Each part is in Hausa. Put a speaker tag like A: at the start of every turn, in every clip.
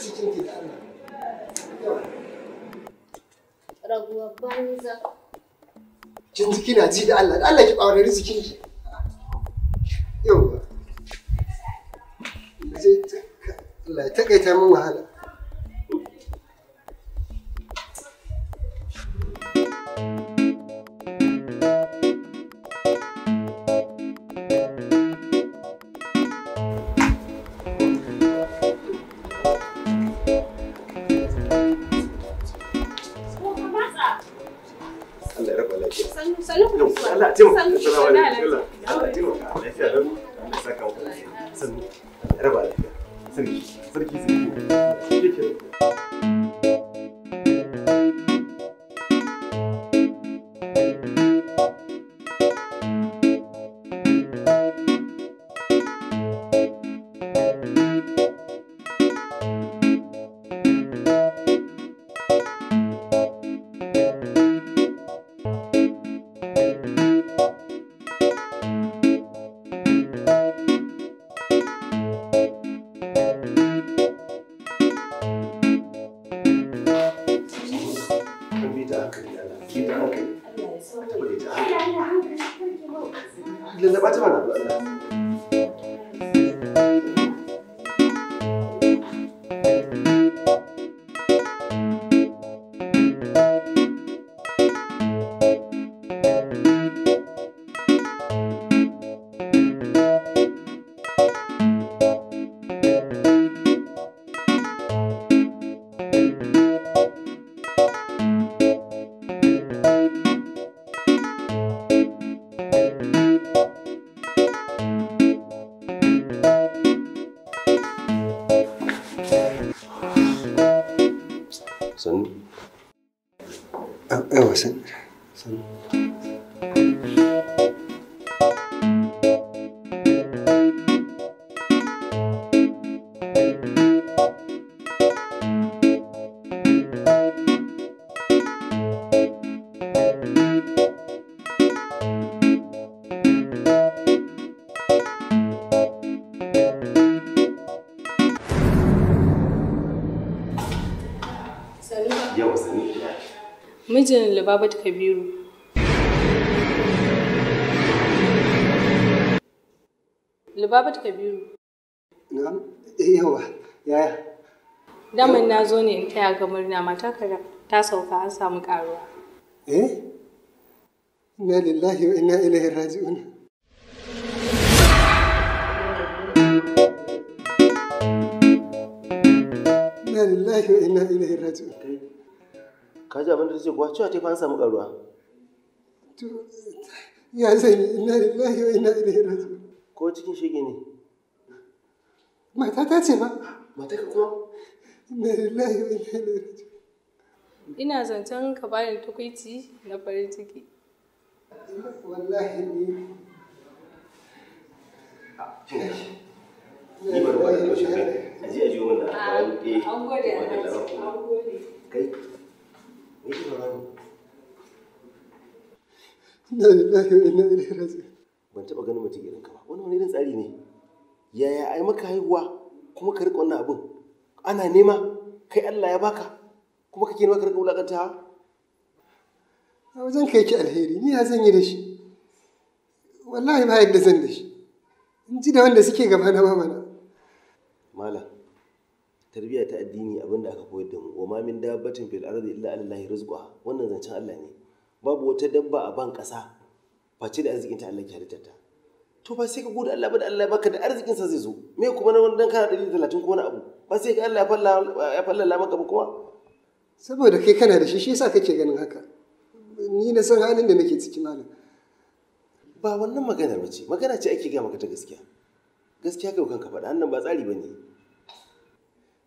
A: cikin na
B: Allah. banza.
A: Kin ji kina ji da Allah, da Allah ki ƙaura rizikin ki. Yau. Allah ya takaita min wahala.
B: Allah taimaka. Babat Kabiru. Libabat Kabiru.
A: Na'am, eh, yawa, yaya.
B: Daman na zo ne in taya ga murna kara ta sauka an samu karuwa.
A: Eh? Inna lillahi wa inna ilaihi raji'un. Inna lillahi wa inna ilaihi raji'un.
C: kaji ji abin da ta ce kuwa cewa ta an samu karuwa
A: ya zai ina lillahi
C: wa ina da raji'un ko cikin shige ne
A: mata ta ce ba mata ka kuma ina lillahi wa ina ilaihi
B: ina zancen ka bani na farin ciki
A: wallahi ni ni ba ruwa da shi aji aji wannan an gode kai Na lillahi
C: Ban taba ganin mutum irin ka ba. ne. Yaya ai haihuwa kuma ka riƙa wannan abin? Ana nema kai Allah ya baka kuma kake nema ka riƙa wulaƙantawa?
A: wajen kai ki alheri ni ya zan yi da shi. Wallahi ba yadda zan da shi. In ji da wanda suke gaba na mamana.
C: Malam, tarbiyya ta addini abinda aka koyar da mu wa ma min dabbatin fil ardi illa ala allahi wannan zancen Allah ne babu wata dabba a ban kasa face da arzikin ta Allah ke halitta ta to ba sai ka gode Allah ba da Allah baka da arzikin sa zai zo me kuma na dan kana 130 ko wani abu ba sai ka Allah ya falla ya falla maka ba kuma
A: saboda kai kana da shi shi yasa kake ganin haka ni na san halin da nake ciki malam ba wannan maganar
C: ba ce magana ce ake ga maka ta gaskiya gaskiya kai kanka faɗa annan ba tsari ba ne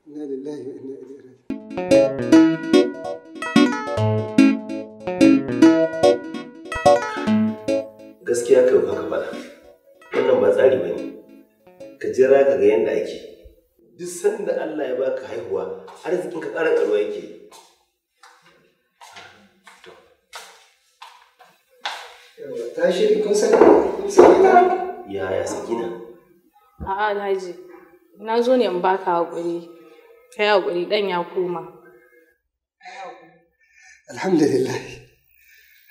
C: gaskiya kai ka faɗa wannan ba tsari bane ka jira ka ga yanda ake duk sanda Allah ya baka haihuwa arzikin ka ƙara ƙaruwa yake
A: ta ne kun sakina
C: ya sakina
B: a'a alhaji na zo ne in baka haƙuri ka yi haƙuri ɗan ya koma
A: alhamdulillah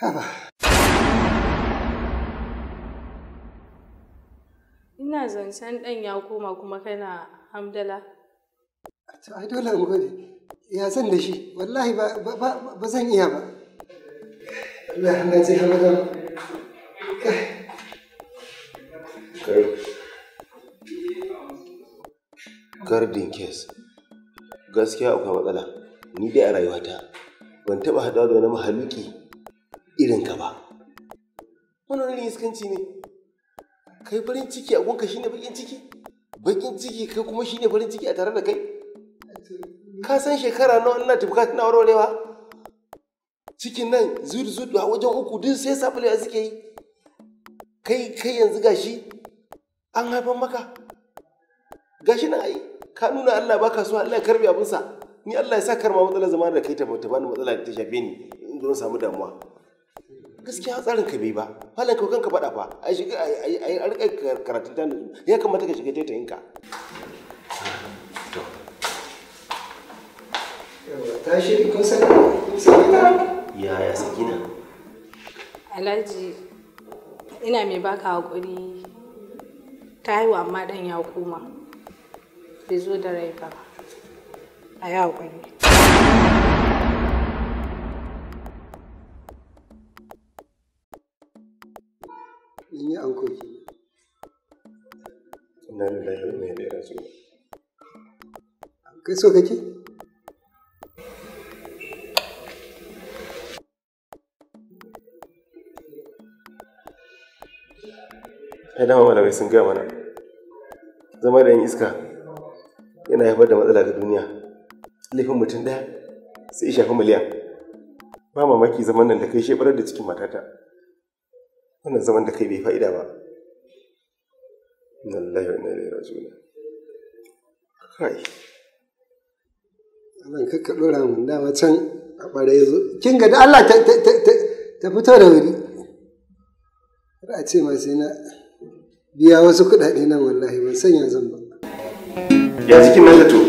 A: haba
B: ina zancen ɗan ya koma kuma kana hamdala
A: to ai dole in gode ya san da shi wallahi ba zan iya ba Allah na ce hamadan
C: Gardin case. gaskiya akwai matsala ni dai a rayuwata ban taɓa haɗuwa da wani mahaluki irin ka ba
D: wani wani iskanci ne
C: kai farin ciki a gunka shine bakin ciki bakin ciki kai kuma shine farin ciki a tare da kai ka san shekara nawa ina tafka tana warwarewa cikin nan zuri zuri a wajen uku duk sai sabulewa suke yi kai kai yanzu gashi an haifan maka gashi na ai ka nuna Allah baka so Allah ya karɓi abinsa ni Allah ya sa karma matsalar zama da kai ta bata bani matsala da ta shafe ni in zo samu damuwa gaskiya tsarin ka bai ba halin ka kanka faɗa fa a shiga a rika karatun ta ya kamata ka shiga taitayin ka
A: ta shi kun san
C: ya ya sakina
B: alhaji ina mai baka hakuri ta haihu amma dan ya koma bai zo da rai ba a yi haƙuri
A: in yi an koki
C: na lillahi wa inna ilaihi raji'un kai so kake ai dama malamai sun gaya mana zama da yin iska yana haifar da matsala ga duniya laifin mutum ɗaya sai shafi miliyan ba mamaki zaman nan da kai shebarar da cikin matata wannan zaman da kai bai fa'ida ba lallai wa ilaihi juna
A: kai nan ka ɗora dora mun dama can a ya zo, kin ga da Allah ta fito da wuri a ce ma sai na biya wasu kuɗaɗe nan wallahi ban sanya zan ba
C: ya jikin nan da to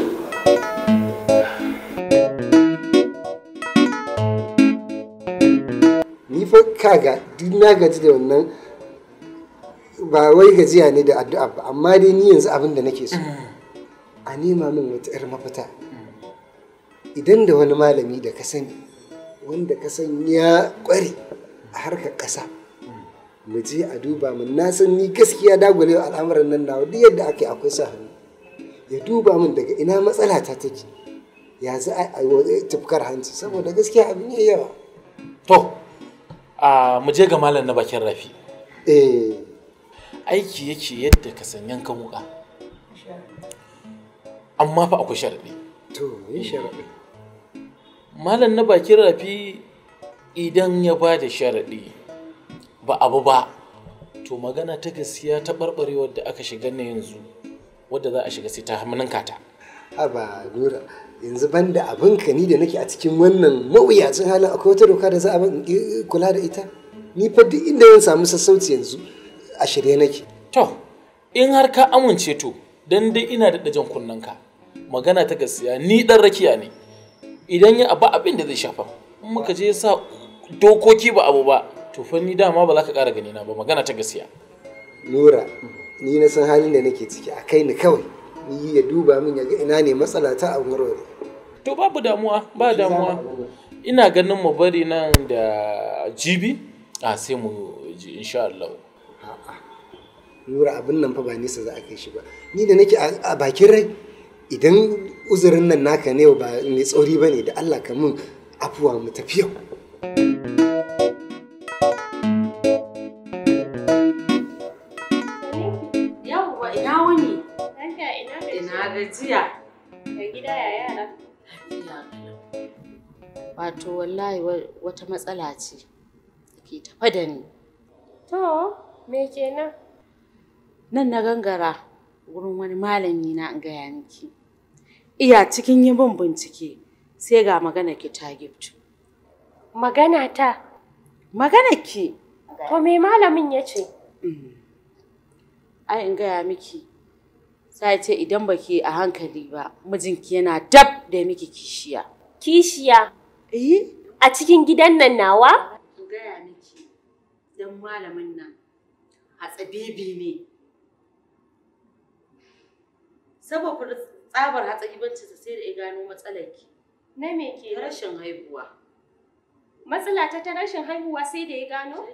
A: ni fa kaga duk na gaji da wannan ba wai gajiya ne da addu'a ba amma dai ni yanzu abin da nake so a nema min wata 'yar mafita idan da wani malami da ka sani wanda ka san ya kware a harkar ƙasa mu je a duba mun na san ni gaskiya dagwale al'amuran nan nawa duk yadda ake akwai sa ya duba min daga ina matsala ta take ya za a tafkar hanci saboda gaskiya abin ya yawa
E: to a mu je ga malam na bakin rafi eh aiki yake yadda ka san yankan muka amma fa akwai sharaɗi to yi sharaɗi malam na bakin rafi idan ya ba da sharaɗi ba abu ba to magana ta gaskiya ta barbarewar da aka shiga na yanzu wadda za a shiga sai ta ninka ta
A: haba nura yanzu ban da abin ka ni da nake a cikin wannan mawuyacin halin akwai wata doka da za a kula da ita ni fa duk inda zan samu sassauci yanzu a shirye
E: nake to in har ka amince to dan dai ina da dajan kunnen ka magana ta gaskiya ni dan rakiya ne idan ya ba abin da zai shafa in muka je sa dokoki ba abu ba to fa ni dama ba za ka ƙara gani na ba magana ta gaskiya
A: nura ni na san halin da nake ciki a kai ni kawai ni ya duba min ya ga ina ne
E: matsala ta a warware to babu damuwa ba damuwa ina ganin mu bari nan da jibi a sai mu ji insha Allah
A: yura abin nan fa ba nisa za a kai shi ba ni da nake a bakin rai idan uzurin nan naka ne ba mai tsori bane da Allah ka mun afuwa mu tafi yau
B: wato wallahi wata matsala ce ke tafa da ni. To, me kenan? Nan na gangara wurin wani malami na in gaya miki. Iya cikin yin bin bincike sai ga magana ki ta gifto. Magana ta? Magana ki. To me malamin ya ce? Mm. Ai in gaya miki sai ce idan baki a hankali ba mijinki yana dab da miki kishiya. Kishiya? Eh? A cikin gidan nan nawa? In gaya miki, don malamin nan hatsabibi ne. Saboda tsabar hatsabibancinsa sai da ya gano matsalarki. Na me ke? Rashin haihuwa. Matsala ta ta rashin haihuwa sai da ya gano?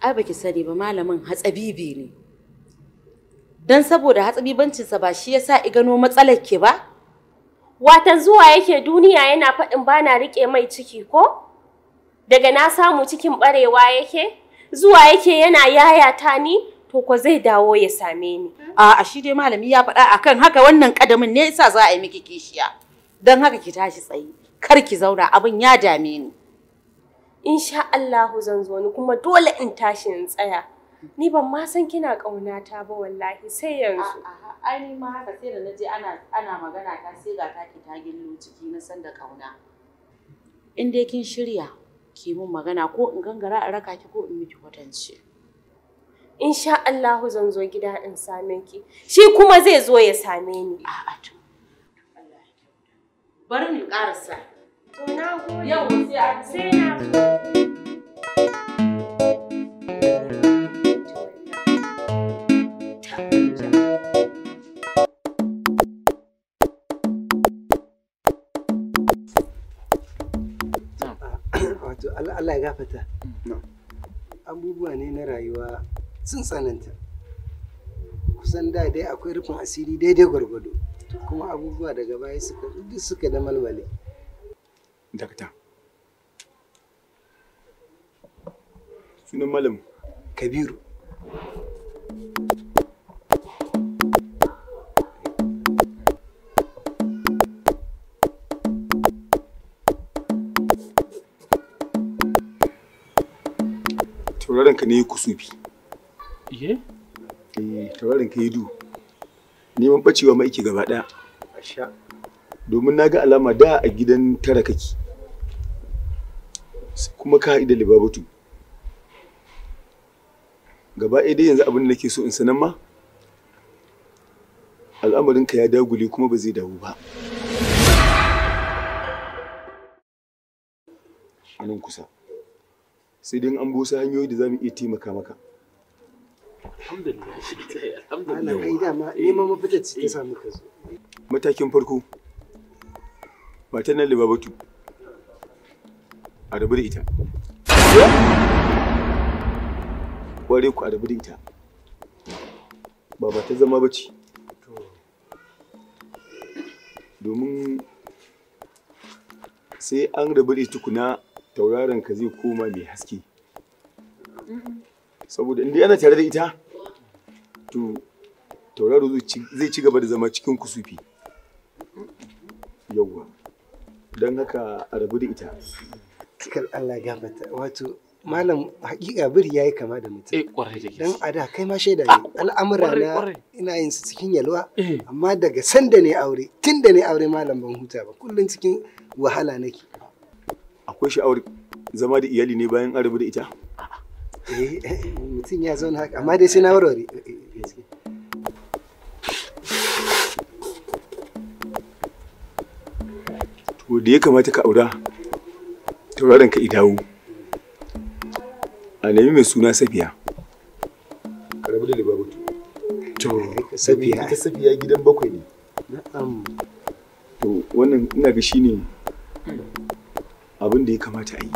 B: Ai baki sani ba malamin hatsabibi ne. Don saboda hatsabibancinsa ba shi yasa i gano matsalar ke ba? Watan zuwa yake duniya yana faɗin bana riƙe mai ciki ko? Daga na samu cikin ɓarewa yake? Zuwa yake yana yayata ni? To ko zai dawo ya same ni. A'a shi dai malami ya faɗa akan haka wannan ƙadamin ne yasa za a yi miki kishiya. Don haka ki tashi tsayi, Kar ki zauna abin ya dame ni. Insha Allahu zan zo ni kuma dole in tashi in tsaya. Ni ban ma san kina ta ba wallahi sai yanzu. Ai ni ma haka sai da na ana ana magana ta sai ga ta ki ta gillo ciki na san da kauna. In dai kin shirya ki mun magana ko in gangara a raka ki ko in miki kwatance. Insha Allahu zan zo gida in same ki. Shi kuma zai zo ya same ni. A'a to. Bari mu karasa To na gode. Yau sai a sai na.
A: fita abubuwa ne na rayuwa sun tsananta kusan da dai akwai rufin asiri daidai gwargwado kuma abubuwa daga baya suka duk suka da malmale
D: dakta sunan malam kabiru tauraron ka ne kusufi iye eh tauraron ka yi du neman bacewa ma yake gaba daya asha domin na ga alama da a gidan tara kake kuma ka haɗu da libabatu gaba ɗaya dai yanzu abin da nake so in sanar ma al'amarinka ya dagule kuma ba zai dawo ba a kusa sai dai an busa hanyoyi da za mu iya taimaka maka matakin farko matan nan libabatu a rabu da ita kware ku a rabu da ita ba ba ta zama bace. domin sai an rabu da tukuna tauraron ka zai koma mai haske saboda inda yana tare da ita to tauraro zai ci gaba da zama cikin kusufi yawwa don haka a rabu da ita cikin Allah ya mata wato malam
A: hakika biri yayi kama da mutum eh kwarai da dan ada kai ma shaida ne ah, al'amura na ina yin su cikin yalwa eh. amma daga sanda ne aure tunda ne aure malam ban huta ba kullun cikin wahala nake
D: akwai sha'awar zama da iyali ne bayan an rabu da ita
A: eh, eh mutum ya zauna haka amma dai sai na warware
D: eh, eh, to da ya kamata ka aura tauraron ka idawo a nemi mai suna safiya karabu rabu da babu to safiya ita safiya gidan bakwai ne na'am to wannan ina ga shine da ya kamata a yi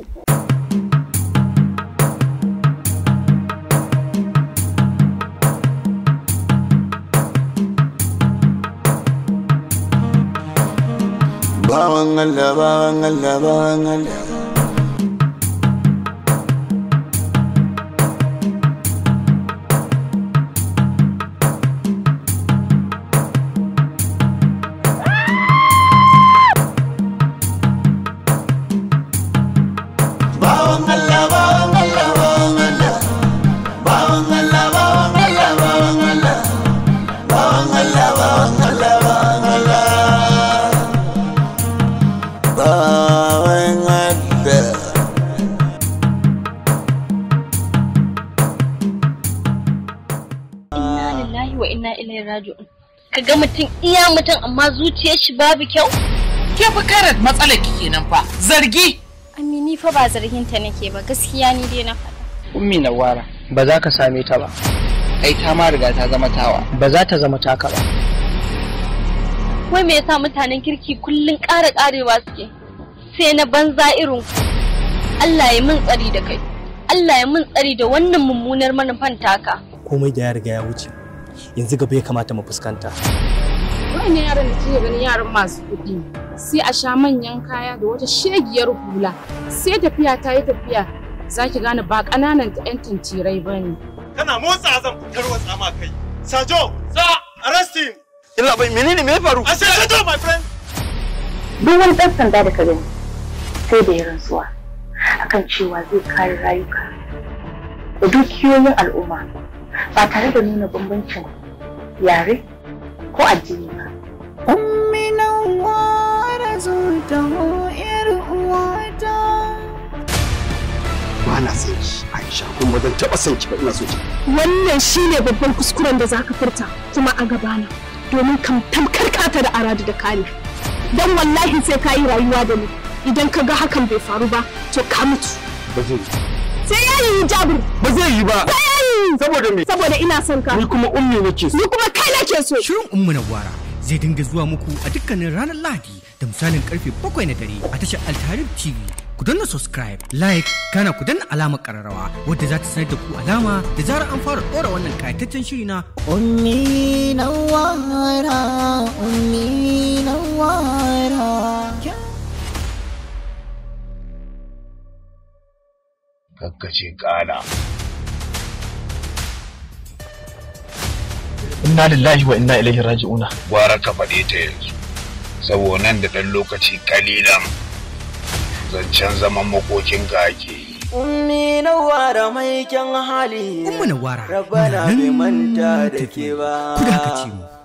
D: bawan Allah bawan Allah bawan Allah
B: iya mutum amma zuciyar shi babu kyau? Ke fa karat matsalar ki kenan fa zargi. Amini fa ba zargin ta nake ba gaskiya ni dai na faɗa.
A: Ummi wara ba za ka same ta ba. Ai ta ma riga ta zama tawa. Ba za ta zama taka ba.
B: Wai me yasa mutanen kirki kullun ƙara ƙarewa suke? Sai na banza irin ku. Allah ya min tsari da kai. Allah ya min tsari da wannan mummunar manufan taka.
D: Komai da ya riga ya wuce. Yanzu gaba ya kamata mu fuskanta.
B: manyan yaran da kike ganin yaran masu kuɗi sai a sha manyan kaya da wata shegiyar hula sai tafiya ta yi tafiya za ki gane ba ƙananan ta ƴan tantirai ba ne.
C: Kana motsa zan fitar wa tsama kai. Sajo! Za! Arrest him! Illa bai menene me faru? A shekaru Sajo my friend!
B: Duk wani ɗan sanda da ka gani sai da ya rantsuwa akan cewa zai kare rayuka da dukiyoyin al'umma ba tare da nuna bambancin yare ko addini ba. ware zuta yar ta.
C: ba na son ki Aisha
D: kuma zan taɓa son ki ba ina so ki
B: wannan shi ne babban kuskuren da za ka furta kuma a gabana domin kam tamkar kata da aradu da kani dan wallahi sai ka yi rayuwa da ni idan ka ga hakan bai faru ba to ka mutu ba zai sai ya yi
A: jabir ba zai yi ba saboda me saboda ina
B: son ka ni kuma
A: ummi nake so ni kuma kai nake so shirin ummu na gwara zai dinga zuwa muku a dukkanin ranar Lahadi da misalin karfe 7 na dare a tashar Altarib TV. Ku danna subscribe, like, kana ku danna alama kararrawa wadda za ta sanar da ku alama da zarar an fara ɗora wannan kayataccen shiri na
E: Ummi wara Ummi wara.
D: Kakkace kana inna lillahi wa inna ilaihi raji'una gwara ka faɗe ta yanzu saboda nan da ɗan lokaci kalilan zancen zaman makokin ka ake yi Ummi na wara
C: mai kyan hali Ummi
A: na wara Rabana
D: bai manta da ke ba Kuda ka ce
A: mu